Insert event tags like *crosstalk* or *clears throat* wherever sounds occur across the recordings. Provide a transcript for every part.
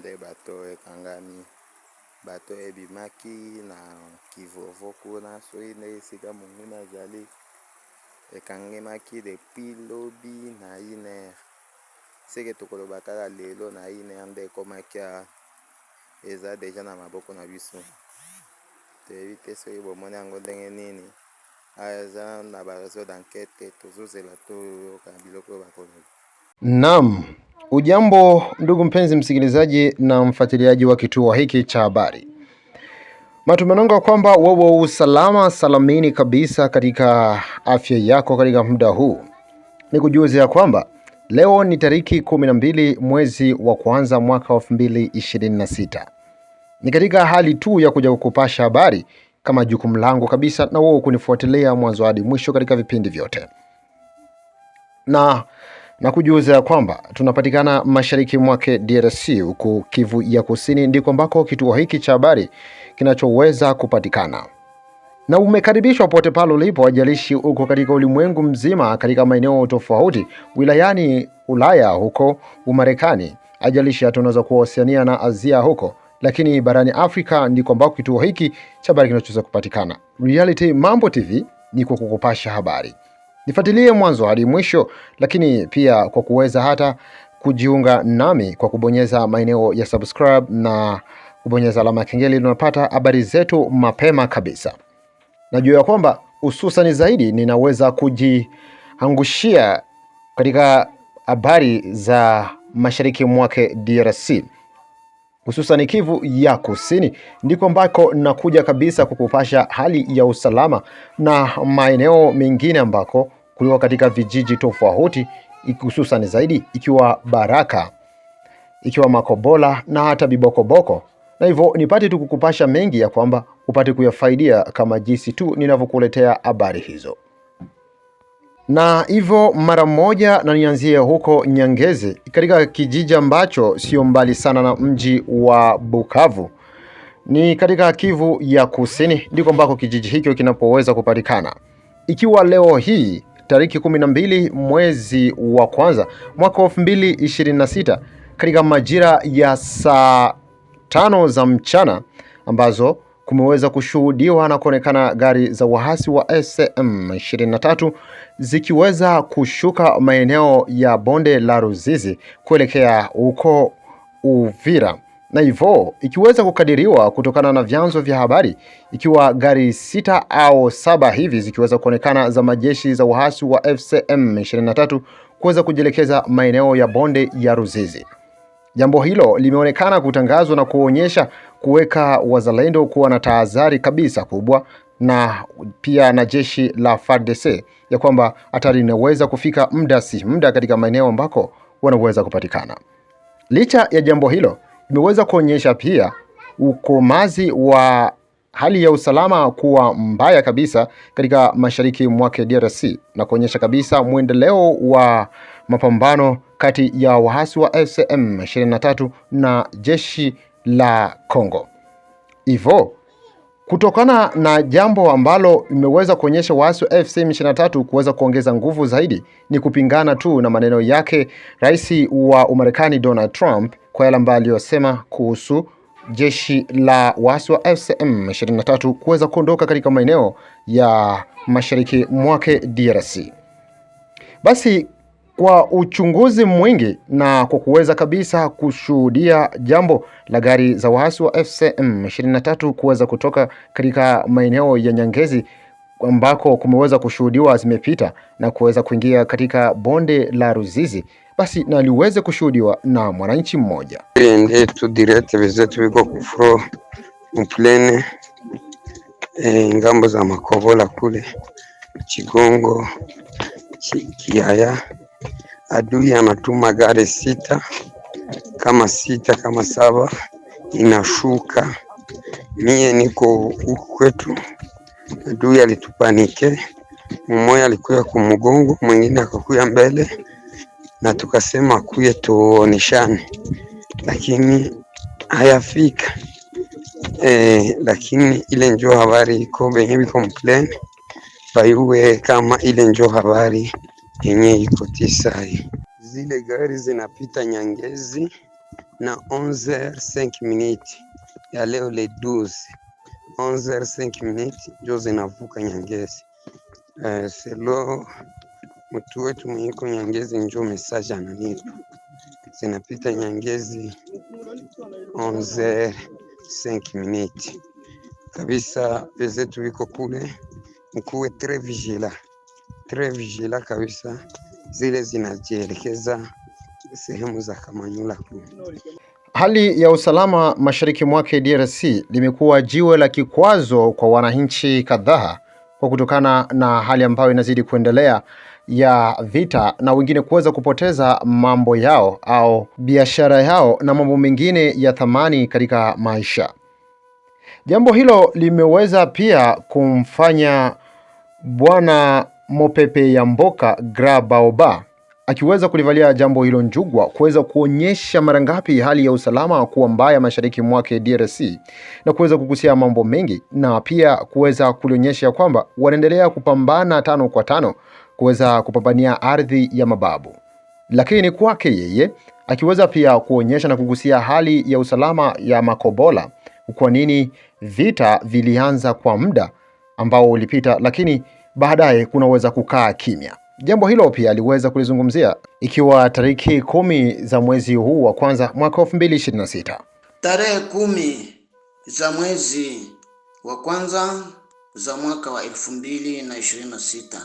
nde bato ekangami bato ebimaki na kivovo kuna soki nde esika monguna azali ekangemaki depuis lobi na 1 heure seke tokoloba kaka lelo na 1 heure nde ekomaki eza deja na maboko na biso toyebi te soki bomoni yango ndenge nini eza na bareseau d'enquête tozozela toyoka biloko oyo bakoloba nam Ujambo ndugu mpenzi msikilizaji na mfuatiliaji wa kituo hiki cha habari, matumanonga kwamba wewe usalama salamini kabisa katika afya yako. Katika muda huu ni kujuze ya kwamba leo ni tariki 12 mwezi wa kwanza mwaka sita. Ni katika hali tu ya kuja kukupasha habari kama jukumu langu kabisa, na wewe kunifuatilia mwanzo hadi mwisho katika vipindi vyote na na kujuza ya kwamba tunapatikana mashariki mwake DRC, huku Kivu ya Kusini ndiko ambako kituo hiki cha habari kinachoweza kupatikana na umekaribishwa pote pale ulipo, wajalishi huko katika ulimwengu mzima, katika maeneo tofauti, wilayani Ulaya, huko Umarekani, ajalishi hata unaweza kuwasiania na Asia huko, lakini barani Afrika ndiko ambako kituo hiki cha habari kinachoweza kupatikana. Reality Mambo TV ni kwa kukupasha habari. Nifuatilie mwanzo hadi mwisho, lakini pia kwa kuweza hata kujiunga nami kwa kubonyeza maeneo ya subscribe na kubonyeza alama ya kengele, ili unapata habari zetu mapema kabisa. Najua ya kwamba hususani zaidi ninaweza kujiangushia katika habari za mashariki mwake DRC hususan Kivu ya Kusini, ndiko ambako nakuja kabisa kukupasha hali ya usalama na maeneo mengine ambako kuliko katika vijiji tofauti, hususan zaidi ikiwa Baraka, ikiwa Makobola na hata Bibokoboko, na hivyo nipate tu kukupasha mengi ya kwamba upate kuyafaidia kama jinsi tu ninavyokuletea habari hizo na hivyo mara moja, na nianzie huko Nyangezi, katika kijiji ambacho sio mbali sana na mji wa Bukavu, ni katika Kivu ya Kusini, ndiko ambako kijiji hicho kinapoweza kupatikana. Ikiwa leo hii tariki 12 mwezi wa kwanza mwaka 2026 katika majira ya saa tano za mchana ambazo kumeweza kushuhudiwa na kuonekana gari za waasi wa SM 23 zikiweza kushuka maeneo ya bonde la Ruzizi kuelekea huko Uvira na hivyo ikiweza kukadiriwa kutokana na vyanzo vya habari, ikiwa gari sita au saba hivi zikiweza kuonekana za majeshi za waasi wa FCM 23 kuweza kujielekeza maeneo ya bonde ya Ruzizi. Jambo hilo limeonekana kutangazwa na kuonyesha kuweka wazalendo kuwa na tahadhari kabisa kubwa na pia na jeshi la FARDC ya kwamba hatari inaweza kufika muda si muda katika maeneo ambako wanaweza kupatikana. Licha ya jambo hilo imeweza kuonyesha pia ukomazi wa hali ya usalama kuwa mbaya kabisa katika mashariki mwake DRC na kuonyesha kabisa mwendeleo wa mapambano kati ya waasi wa FCM 23 na jeshi la Kongo. Hivyo kutokana na jambo ambalo imeweza kuonyesha waasi wa AFC M23 kuweza kuongeza nguvu zaidi ni kupingana tu na maneno yake rais wa Umarekani Donald Trump kwa yale ambayo aliyosema kuhusu jeshi la waasi wa AFC M23 kuweza kuondoka katika maeneo ya mashariki mwake DRC. Basi kwa uchunguzi mwingi na kwa kuweza kabisa kushuhudia jambo la gari za waasi wa FCM 23 kuweza kutoka katika maeneo ya Nyangezi ambako kumeweza kushuhudiwa zimepita na kuweza kuingia katika bonde la Ruzizi, basi na liweze kushuhudiwa na mwananchi mmoja tu direct vizetu viko kufro mplene e, ngambo za Makobola kule Chigongo Chikiaya Adui anatuma gari sita kama sita kama saba inashuka. Mie niko huku kwetu, adui alitupanike. Mmoja alikuya kumgongo, mwingine akakuya mbele, na tukasema kuye tuonishane, lakini hayafika e. Lakini ile njoo habari iko benye biko bayuwe, kama ile njoo habari yenye iko tisai Zile gari zinapita Nyangezi na 11:05 h ya leo le 12 11:05 h ndio zinavuka Nyangezi. Uh, selo mtu wetu mwenyeko Nyangezi njo message ananipa, zinapita Nyangezi 11:05 h 05 minutes kabisa, wenzetu wiko kule, mkuwe tre vigila tre kabisa, zile zinajielekeza sehemu za Kamanyola Hali ya usalama mashariki mwake DRC limekuwa jiwe la kikwazo kwa wananchi kadhaa kwa kutokana na hali ambayo inazidi kuendelea ya vita na wengine kuweza kupoteza mambo yao au biashara yao na mambo mengine ya thamani katika maisha. Jambo hilo limeweza pia kumfanya Bwana Mopepe ya Mboka Grabaoba akiweza kulivalia jambo hilo Njugwa kuweza kuonyesha mara ngapi hali ya usalama kuwa mbaya mashariki mwake DRC na kuweza kugusia mambo mengi na pia kuweza kulionyesha kwamba wanaendelea kupambana tano kwa tano kuweza kupambania ardhi ya mababu, lakini kwake yeye akiweza pia kuonyesha na kugusia hali ya usalama ya Makobola, kwa nini vita vilianza kwa muda ambao ulipita, lakini baadaye kunaweza kukaa kimya. Jambo hilo pia aliweza kulizungumzia ikiwa tariki kumi za mwezi huu wa kwanza mwaka 2026. Tarehe kumi za mwezi wa kwanza za mwaka wa 2026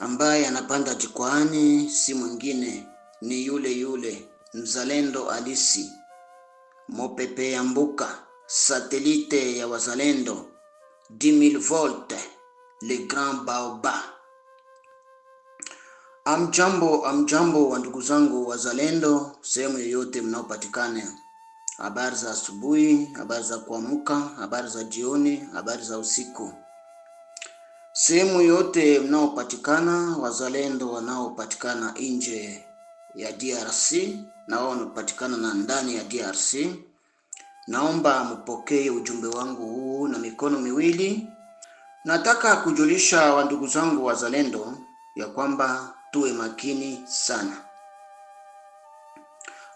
ambaye anapanda jikwaani si mwingine ni yule yule mzalendo alisi Mopepe ya Mbuka, satelite ya wazalendo 10000 volt le grand baoba. Amjambo, amjambo wa ndugu zangu wazalendo, sehemu yoyote mnaopatikana. Habari za asubuhi, habari za kuamka, habari za jioni, habari za usiku, sehemu yote mnaopatikana, wazalendo wanaopatikana nje ya DRC na wao wanapatikana na ndani ya DRC, naomba mpokee ujumbe wangu huu na mikono miwili Nataka kujulisha wandugu zangu wazalendo ya kwamba tuwe makini sana.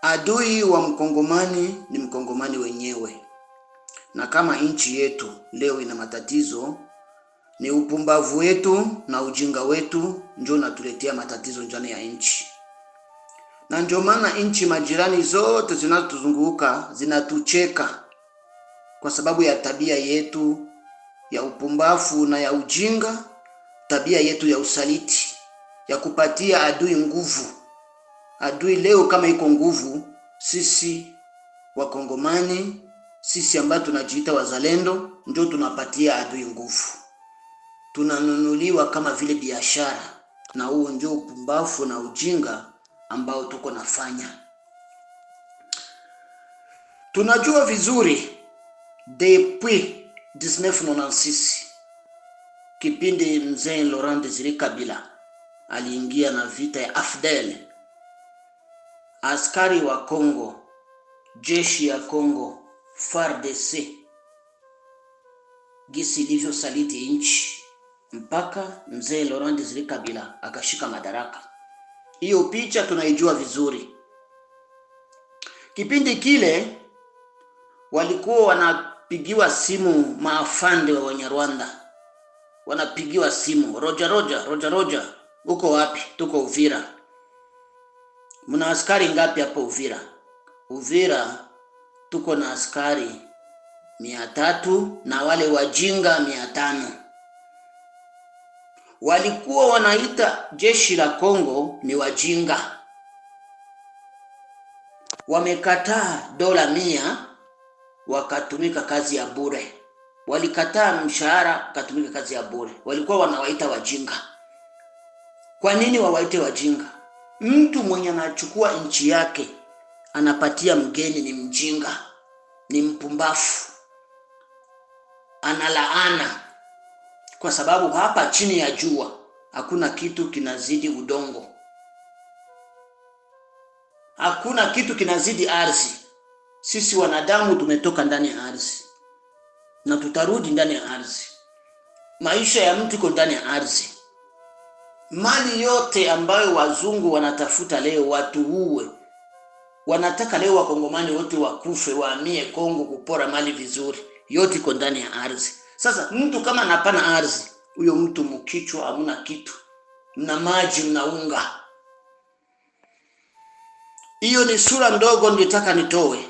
Adui wa mkongomani ni mkongomani wenyewe, na kama nchi yetu leo ina matatizo, ni upumbavu wetu na ujinga wetu ndio natuletea matatizo njani ya nchi, na ndio maana nchi majirani zote zinazotuzunguka zinatucheka kwa sababu ya tabia yetu ya upumbavu na ya ujinga, tabia yetu ya usaliti, ya kupatia adui nguvu. Adui leo kama iko nguvu, sisi Wakongomani, sisi ambayo tunajiita wazalendo, ndio tunapatia adui nguvu, tunanunuliwa kama vile biashara, na huo ndio upumbavu na ujinga ambao tuko nafanya. Tunajua vizuri depuis 1996 kipindi mzee Laurent Desire Kabila aliingia na vita ya AFDL, askari wa Kongo, jeshi ya Kongo FARDC, gisi ilivyosaliti nchi mpaka mzee Laurent Desire Kabila akashika madaraka. Hiyo picha tunaijua vizuri. Kipindi kile walikuwa wana pigiwa simu maafande wa Wanyarwanda, wanapigiwa simu roja roja roja roja, uko wapi? Tuko Uvira. Mna askari ngapi hapo Uvira? Uvira tuko na askari mia tatu na wale wajinga mia tano walikuwa wanaita jeshi la Kongo ni wajinga, wamekataa dola mia wakatumika kazi ya bure, walikataa mshahara wakatumika kazi ya bure. Walikuwa wanawaita wajinga. Kwa nini wawaite wajinga? Mtu mwenye anachukua nchi yake anapatia mgeni ni mjinga, ni mpumbafu, analaana, kwa sababu hapa chini ya jua hakuna kitu kinazidi udongo, hakuna kitu kinazidi ardhi. Sisi wanadamu tumetoka ndani ya ardhi na tutarudi ndani ya ardhi. Maisha ya mtu iko ndani ya ardhi. Mali yote ambayo wazungu wanatafuta leo watu uwe wanataka leo wakongomani wote wakufe, waamie Kongo kupora mali vizuri, yote iko ndani ya ardhi. Sasa mtu kama anapana ardhi, huyo mtu mkichwa, hamuna kitu, mna maji, mna unga. Hiyo ni sura ndogo, nitaka nitoe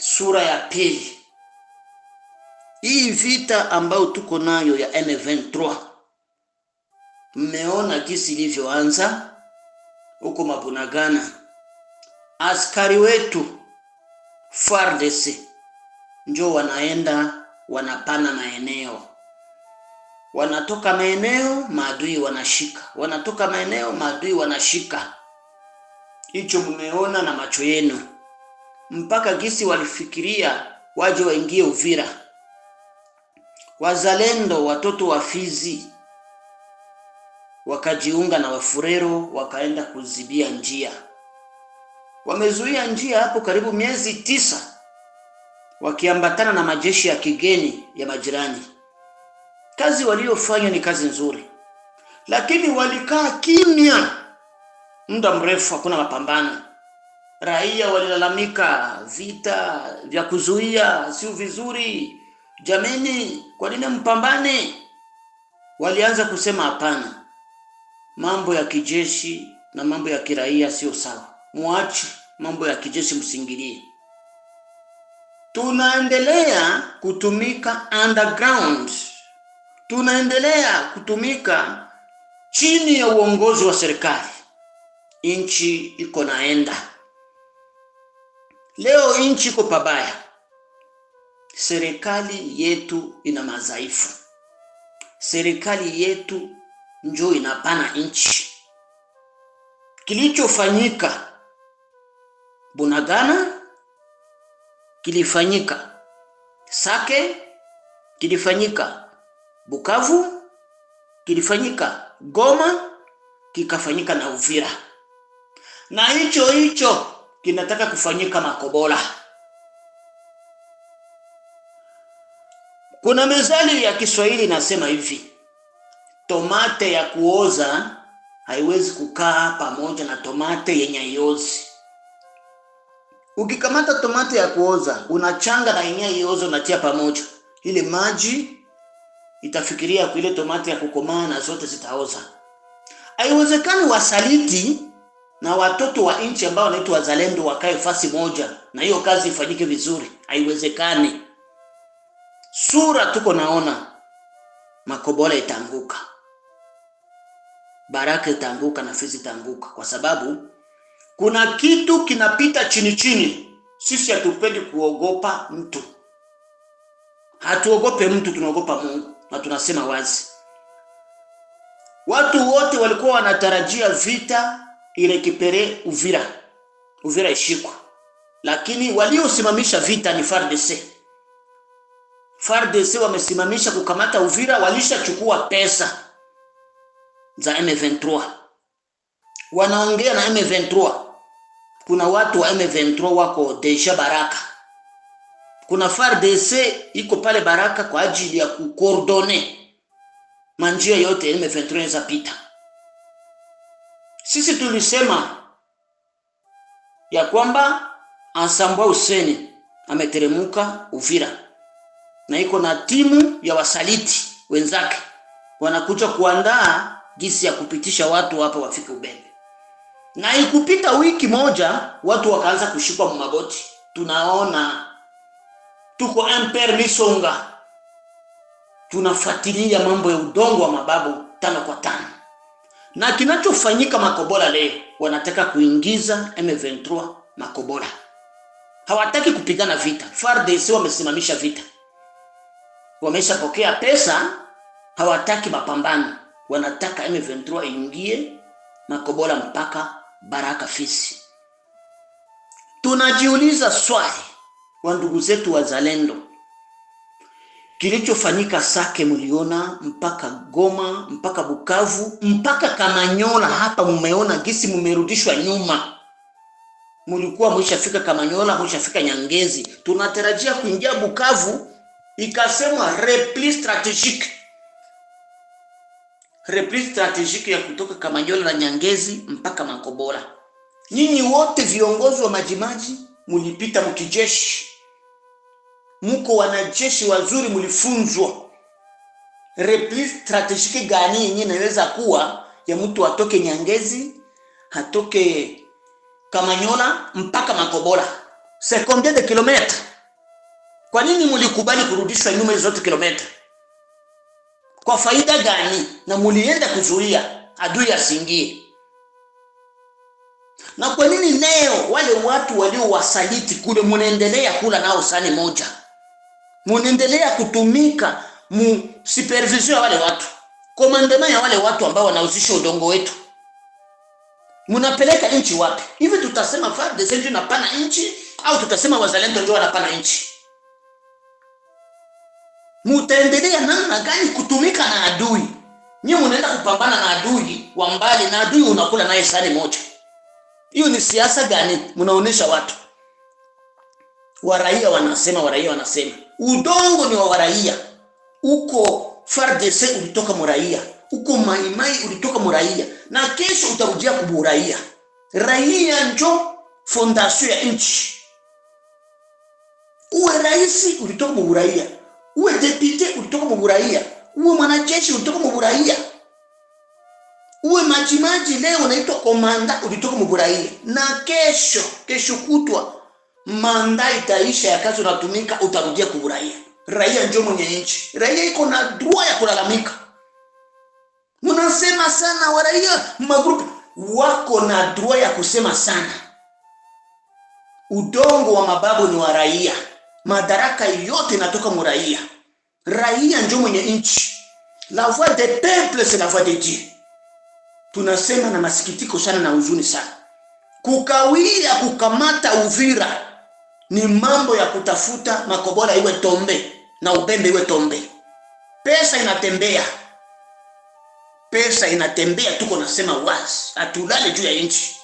sura ya pili. Hii vita ambayo tuko nayo ya M23, mmeona kisi ilivyoanza huko Mabunagana. Askari wetu FARDC njo wanaenda wanapana maeneo, wanatoka maeneo maadui wanashika, wanatoka maeneo maadui wanashika. Hicho mmeona na macho yenu mpaka gisi walifikiria waje waingie Uvira. Wazalendo watoto wa Fizi wakajiunga na Wafurero wakaenda kuzibia njia, wamezuia njia hapo karibu miezi tisa, wakiambatana na majeshi ya kigeni ya majirani. Kazi waliofanya ni kazi nzuri, lakini walikaa kimya muda mrefu, hakuna mapambano. Raia walilalamika vita vya kuzuia sio vizuri, jameni, kwa nini mpambane? Walianza kusema hapana, mambo ya kijeshi na mambo ya kiraia sio sawa, mwache mambo ya kijeshi, msingilie. Tunaendelea kutumika underground, tunaendelea kutumika chini ya uongozi wa serikali, nchi iko naenda Leo nchi iko pabaya, serikali yetu ina madhaifu, serikali yetu njo inapana nchi. Kilichofanyika Bunagana kilifanyika Sake, kilifanyika Bukavu, kilifanyika Goma, kikafanyika na Uvira na hicho hicho kinataka kufanyika Makobola. Kuna mezali ya Kiswahili inasema hivi, tomate ya kuoza haiwezi kukaa pamoja na tomate yenye iozi. Ukikamata tomate ya kuoza unachanga na yenye iozi, unatia pamoja, ile maji itafikiria kuile tomate ya kukomaa na zote zitaoza. Haiwezekani wasaliti na watoto wa nchi ambao wanaitwa wazalendo wakae fasi moja na hiyo kazi ifanyike vizuri. Haiwezekani. Sura tuko naona, Makobola itanguka, Baraka itanguka na Fizi itanguka, kwa sababu kuna kitu kinapita chini chini. Sisi hatupendi kuogopa mtu, hatuogope mtu, tunaogopa Mungu na tunasema wazi. Watu wote walikuwa wanatarajia vita irekipere Uvira, Uvira ishikwa, lakini waliosimamisha vita ni FARDC. FARDC wamesimamisha kukamata Uvira, walishachukua pesa za M23, wanaongea na M23. Kuna watu wa M23 wako deja Baraka, kuna FARDC iko pale Baraka kwa ajili ya kukordone manjia yote M23 inaweza pita sisi tulisema ya kwamba Ansambwa useni ameteremuka Uvira na iko na timu ya wasaliti wenzake wanakuja kuandaa gisi ya kupitisha watu hapa wafike Ubembe, na ikupita wiki moja watu wakaanza kushikwa mmagoti, Tunaona tuko Imper Misonga tunafuatilia mambo ya udongo wa mababu tano kwa tano na kinachofanyika Makobola leo, wanataka kuingiza M23 Makobola. Hawataki kupigana vita. FARDC wamesimamisha vita, wameshapokea pesa, hawataki mapambano, wanataka M23 ingie Makobola mpaka Baraka Fisi. Tunajiuliza swali wa ndugu zetu wazalendo Kilichofanyika Sake mliona mpaka Goma mpaka Bukavu mpaka Kamanyola, hapa mumeona gisi mmerudishwa nyuma. Mulikuwa mwishafika Kamanyola, mwishafika Nyangezi, tunatarajia kuingia Bukavu, ikasemwa repli strategique, repli strategique ya kutoka Kamanyola na Nyangezi mpaka Makobola. Nyinyi wote viongozi wa majimaji mulipita mkijeshi mko wanajeshi wazuri, mlifunzwa repli strategiki gani yenye inaweza kuwa ya mtu atoke Nyangezi atoke Kamanyola mpaka Makobola c'est combien de kilomita? Kwa nini mlikubali kurudishwa nyuma hizo zote kilomita? Kwa faida gani? Na mulienda kuzuia adui asingie? Na kwa nini leo wale watu waliowasaliti kule munaendelea kula nao sani moja? munaendelea kutumika mu supervision ya wale watu, komandema ya wale watu ambao wanauzisha udongo wetu. Munapeleka nchi wapi? Hivi tutasema FARDC ndio inapana nchi au tutasema wazalendo ndio wanapana nchi? Mutaendelea namna gani kutumika na adui? Nyinyi munaenda kupambana na adui wa mbali, na adui unakula naye sare moja. Hiyo ni siasa gani munaonesha watu? Waraia wanasema, waraia wanasema udongo ni wa waraia, uko FARDC ulitoka muraia, uko maimai ulitoka muraia, na kesho utarudia kuburaia. Raia njo fondasio ya nchi. Uwe raisi ulitoka muraia, uwe depute ulitoka muraia, uwe mwanajeshi ulitoka muraia, uwe majimaji leo unaitwa komanda ulitoka muraia, na kesho kesho kutwa manda itaisha ya kazi unatumika, utarudia kuraia. Raia njo mwenye nchi, raia iko na dua ya kulalamika. Mnasema sana waraia, magrupu wako na dua ya kusema sana. Udongo wa mababu ni wa raia, madaraka yote inatoka mu raia. Raia ndio mwenye nchi. La voix des peuples c'est la voix de Dieu. Tunasema na masikitiko sana na huzuni sana, kukawia kukamata Uvira ni mambo ya kutafuta makobola iwe tombe na upembe iwe tombe. Pesa inatembea, pesa inatembea, tuko nasema wazi, atulale juu ya nchi.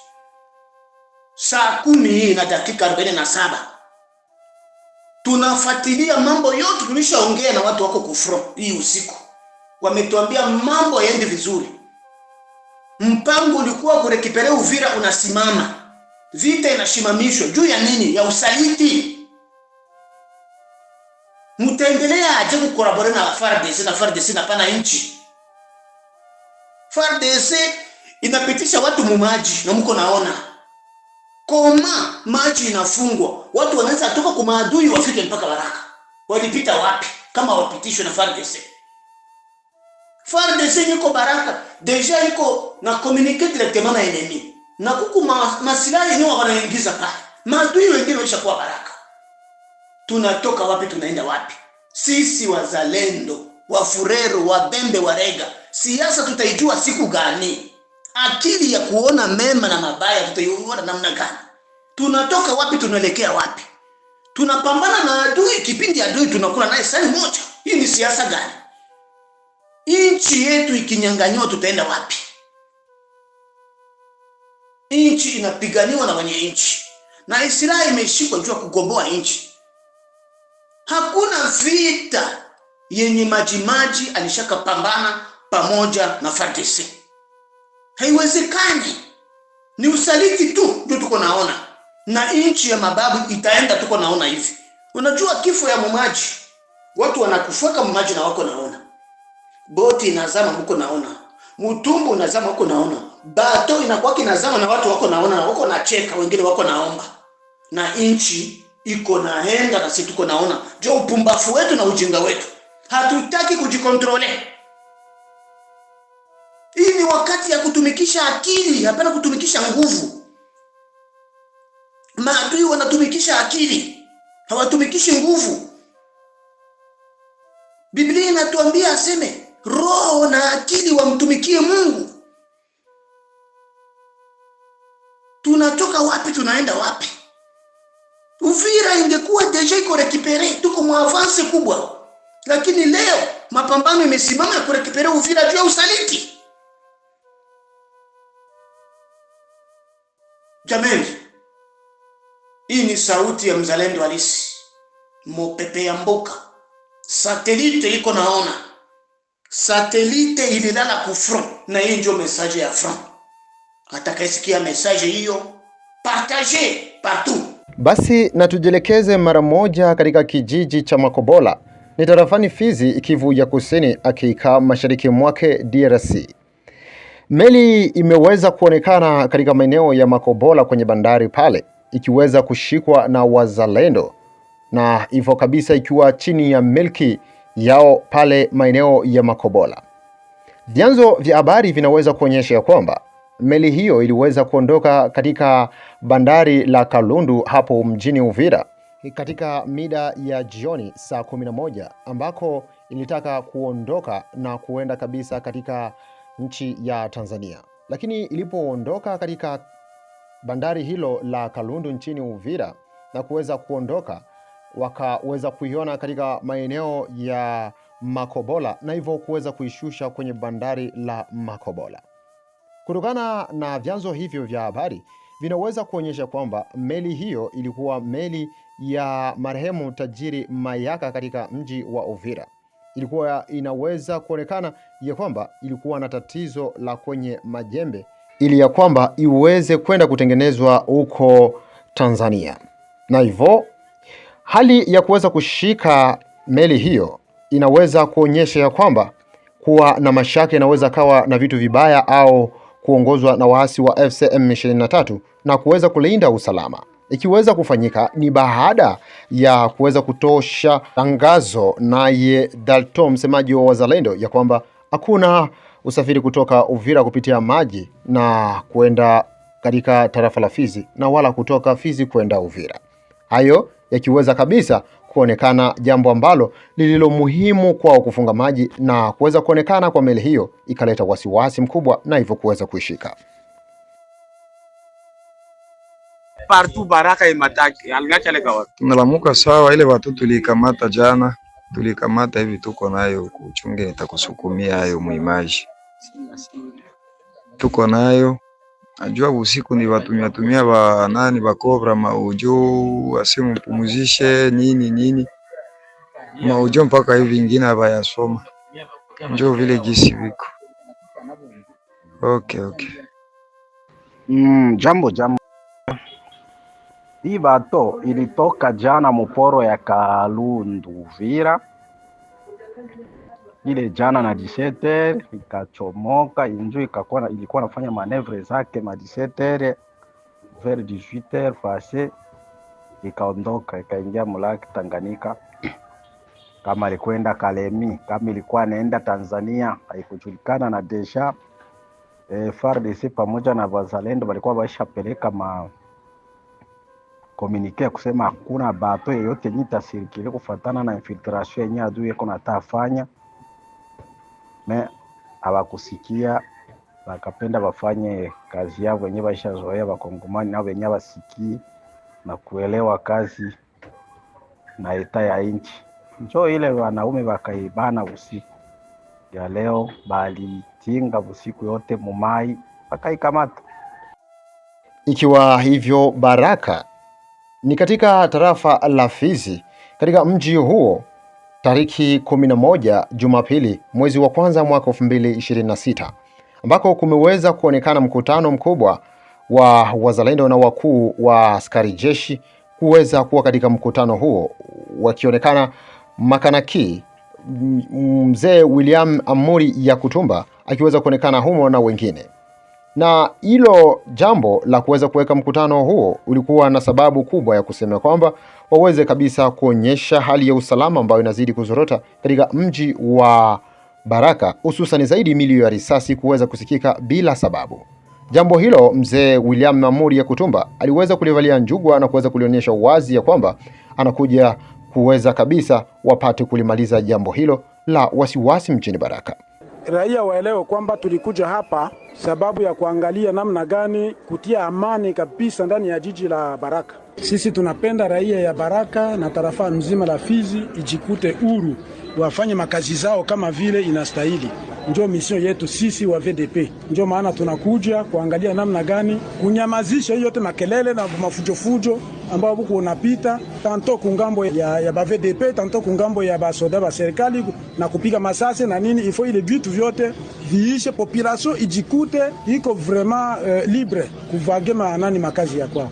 Saa kumi hii na dakika arobaini na saba tunafuatilia mambo yote. Tulishaongea na watu wako kufro hii usiku, wametuambia mambo yaende vizuri. Mpango ulikuwa kurekipere Uvira unasimama Vita inashimamishwa juu ya nini? Ya usaliti. Mtaendelea aje kukorabore na FARDC na FARDC na pana nchi? FARDC inapitisha watu mumaji na mko naona koma maji inafungwa, watu wanaweza toka kwa maadui wafike mpaka Baraka. Walipita wapi kama wapitishwe na FARDC? FARDC niko Baraka deja iko na communicate directement na enemy na kuku masilahi niwa wanaingiza pale, maadui wengine waishakuwa baraka. Tunatoka wapi? Tunaenda wapi? Sisi wazalendo wa Furero wa Bembe wa Rega, siasa tutaijua siku gani? Akili ya kuona mema na mabaya tutaiona namna gani? Tunatoka wapi? Tunaelekea wapi? Tunapambana na adui kipindi adui tunakula naye sani moja. Hii ni siasa gani? Nchi yetu ikinyang'anywa, tutaenda wapi? Nchi inapiganiwa na wenye nchi, na Israeli imeshikwa juu ya kugomboa nchi. Hakuna vita yenye majimaji alishakapambana pamoja na FARDC, haiwezekani. Ni usaliti tu ndio tuko naona, na nchi ya mababu itaenda, tuko naona hivi. Unajua kifo ya mumaji, watu wanakufaka mumaji na wako naona, boti inazama, huko naona, mutumbu unazama, huko naona bato inakuwa kinazama na watu wako naona wako nacheka, wengine wako naomba, na inchi iko naenda na sisi tuko naona. Jo, upumbafu wetu na ujinga wetu, hatutaki kujikontrole. Hii ni wakati ya kutumikisha akili, hapana kutumikisha nguvu. Maadui wanatumikisha akili, hawatumikishi nguvu. Biblia inatuambia aseme roho na akili wamtumikie Mungu. tunaenda wapi? Uvira ingekuwa deja iko rekipere, tuko avance kubwa, lakini leo mapambano imesimama ya kurekipere Uvira juu ya usaliti. Jamani, hii ni sauti ya mzalendo halisi, mopepe ya mboka. Satelite iko naona, satelite ililala ku na hii ndio message ya front. Atakaisikia message hiyo partager partout. Basi na tujielekeze mara moja katika kijiji cha Makobola ni tarafani Fizi, Kivu ya Kusini, akiika mashariki mwake DRC. Meli imeweza kuonekana katika maeneo ya Makobola kwenye bandari pale, ikiweza kushikwa na wazalendo na hivyo kabisa ikiwa chini ya milki yao pale maeneo ya Makobola. Vyanzo vya habari vinaweza kuonyesha ya kwamba Meli hiyo iliweza kuondoka katika bandari la Kalundu hapo mjini Uvira katika mida ya jioni saa moja ambako ilitaka kuondoka na kuenda kabisa katika nchi ya Tanzania, lakini ilipoondoka katika bandari hilo la Kalundu nchini Uvira na kuweza kuondoka, wakaweza kuiona katika maeneo ya Makobola na hivyo kuweza kuishusha kwenye bandari la Makobola. Kutokana na vyanzo hivyo vya habari vinaweza kuonyesha kwamba meli hiyo ilikuwa meli ya marehemu tajiri Mayaka katika mji wa Uvira. Ilikuwa inaweza kuonekana ya kwamba ilikuwa na tatizo la kwenye majembe ili ya kwamba iweze kwenda kutengenezwa huko Tanzania, na hivyo hali ya kuweza kushika meli hiyo inaweza kuonyesha ya kwamba kuwa na mashaka, inaweza kawa na vitu vibaya au kuongozwa na waasi wa fcm 23 na kuweza kulinda usalama. Ikiweza kufanyika ni baada ya kuweza kutosha tangazo naye Dalto, msemaji wa Wazalendo, ya kwamba hakuna usafiri kutoka Uvira kupitia maji na kwenda katika tarafa la Fizi na wala kutoka Fizi kwenda Uvira. Hayo yakiweza kabisa kuonekana, jambo ambalo lililo muhimu kwao kufunga maji na kuweza kuonekana kwa meli hiyo ikaleta wasiwasi mkubwa na hivyo kuweza kuishika. Nalamuka sawa, ile watu tulikamata jana, tulikamata hivi, tuko nayo kuchunge, nitakusukumia hayo muimaji, tuko nayo Najua usiku ni watumia tumia wa nani kobra maujo asimpumuzishe nini nini maujo mpaka hivi vingine abayasoma njo vile gisi viko okay, okay. Mm, jambo jambo, hii bato ilitoka jana muporo ya Kalundu Vira ile jana na disetere ikachomoka, inju ikakuwa ilikuwa nafanya manevre zake ma disetere vers 18h fase ikaondoka ikaingia mulaki Tanganyika. *clears throat* Kama alikwenda Kalemi, kama ilikuwa anaenda Tanzania haikujulikana. Na deja e, eh, FARDC pamoja na wazalendo walikuwa waishapeleka ma komunike kusema hakuna bato yeyote nyitasirikile kufatana na infiltration yenye adui yeko natafanya me abakusikia bakapenda bafanye kazi yao wenye baishazoea bakongomani nao wenye basikii na kuelewa kazi na eta ya nchi njo ile wanaume bakaibana usiku ya leo, balitinga usiku yote mumai bakaikamata. Ikiwa hivyo Baraka ni katika tarafa la Fizi katika mji huo tariki 11 Jumapili mwezi wa kwanza mwaka 2026 ambako kumeweza kuonekana mkutano mkubwa wa wazalendo na wakuu wa askari jeshi kuweza kuwa katika mkutano huo, wakionekana makanaki mzee William Amuri Yakutumba akiweza kuonekana humo na wengine na hilo jambo la kuweza kuweka mkutano huo ulikuwa na sababu kubwa ya kusema kwamba waweze kabisa kuonyesha hali ya usalama ambayo inazidi kuzorota katika mji wa Baraka, hususan zaidi milio ya risasi kuweza kusikika bila sababu. Jambo hilo mzee William Mamuri ya Kutumba aliweza kulivalia njugwa na kuweza kulionyesha wazi ya kwamba anakuja kuweza kabisa wapate kulimaliza jambo hilo la wasiwasi mjini Baraka raia waelewe kwamba tulikuja hapa sababu ya kuangalia namna gani kutia amani kabisa ndani ya jiji la Baraka. Sisi tunapenda raia ya Baraka na tarafa nzima la Fizi ijikute huru, wafanye makazi zao kama vile inastahili. Ndio misio yetu sisi wa VDP. Ndio maana tunakuja kuangalia namna gani kunyamazisha hiyo yote makelele na mafujofujo ambao buku unapita tanto kungambo ya, ya ba VDP tanto kungambo ya basoda ba serikali na kupiga masase na nini, ifo ile vitu vyote viishe, population ijikute iko vraiment euh, libre kuvage nani makazi ya kwao,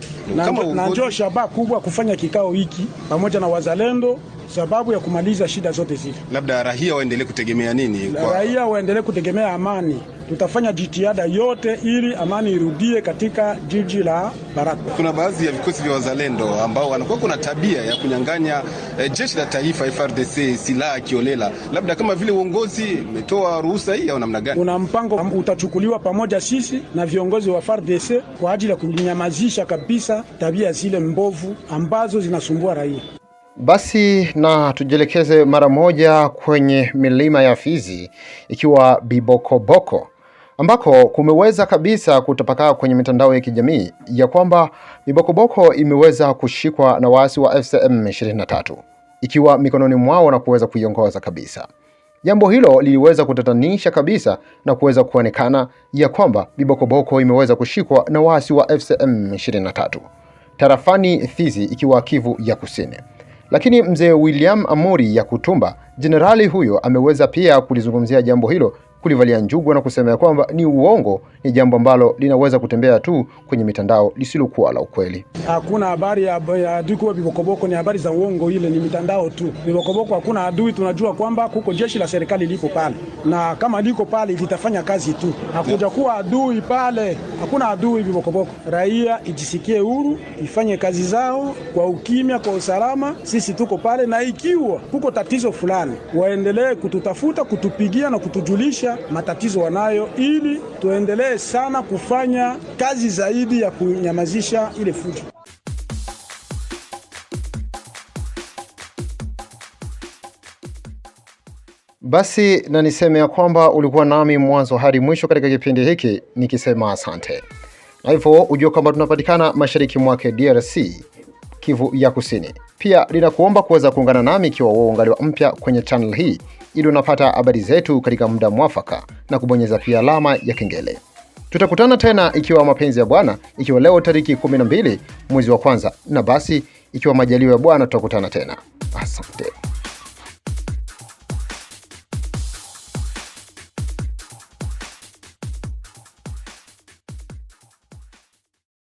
na ndio shaba kubwa kufanya kikao hiki pamoja na wazalendo sababu ya kumaliza shida zote zile. Labda raia waendelee kutegemea nini? Raia waendelee kutegemea amani tutafanya jitihada yote ili amani irudie katika jiji la Baraka. Kuna baadhi ya vikosi vya wazalendo ambao wanakuwa kuna tabia ya kunyang'anya eh, jeshi la taifa FRDC silaha kiolela, labda kama vile uongozi umetoa ruhusa hii au namna gani? Kuna mpango utachukuliwa pamoja sisi na viongozi wa FRDC kwa ajili ya kunyamazisha kabisa tabia zile mbovu ambazo zinasumbua raia. Basi na tujielekeze mara moja kwenye milima ya Fizi, ikiwa Bibokoboko ambako kumeweza kabisa kutapakaa kwenye mitandao ya kijamii ya kwamba Ibokoboko imeweza kushikwa na waasi wa FCM 23 ikiwa mikononi mwao na kuweza kuiongoza kabisa. Jambo hilo liliweza kutatanisha kabisa na kuweza kuonekana ya kwamba Ibokoboko imeweza kushikwa na waasi wa FCM 23 tarafani Thizi ikiwa Kivu ya Kusini. Lakini mzee William Amuri ya kutumba jenerali huyo, ameweza pia kulizungumzia jambo hilo kulivalia njugu na kusema ya kwamba ni uongo, ni jambo ambalo linaweza kutembea tu kwenye mitandao lisilokuwa la ukweli. Hakuna habari ya, adui kuwa vibokoboko, ni habari za uongo, ile ni mitandao tu. Vibokoboko hakuna adui, tunajua kwamba kuko jeshi la serikali liko pale, na kama liko pale litafanya kazi tu, hakuja kuwa adui pale, hakuna adui vibokoboko. Raia ijisikie huru, ifanye kazi zao kwa ukimya, kwa usalama, sisi tuko pale, na ikiwa kuko tatizo fulani waendelee kututafuta, kutupigia na kutujulisha matatizo wanayo, ili tuendelee sana kufanya kazi zaidi ya kunyamazisha ile fujo. Basi na niseme ya kwamba ulikuwa nami mwanzo hadi mwisho katika kipindi hiki nikisema asante, na hivyo ujue kwamba tunapatikana mashariki mwake DRC, Kivu ya Kusini. Pia linakuomba kuweza kuungana nami ikiwa wewe ungaliwa mpya kwenye channel hii, ili unapata habari zetu katika muda mwafaka na kubonyeza pia alama ya kengele. Tutakutana tena ikiwa mapenzi ya Bwana, ikiwa leo tariki 12 mwezi wa kwanza, na basi ikiwa majaliwa ya Bwana tutakutana tena. Asante.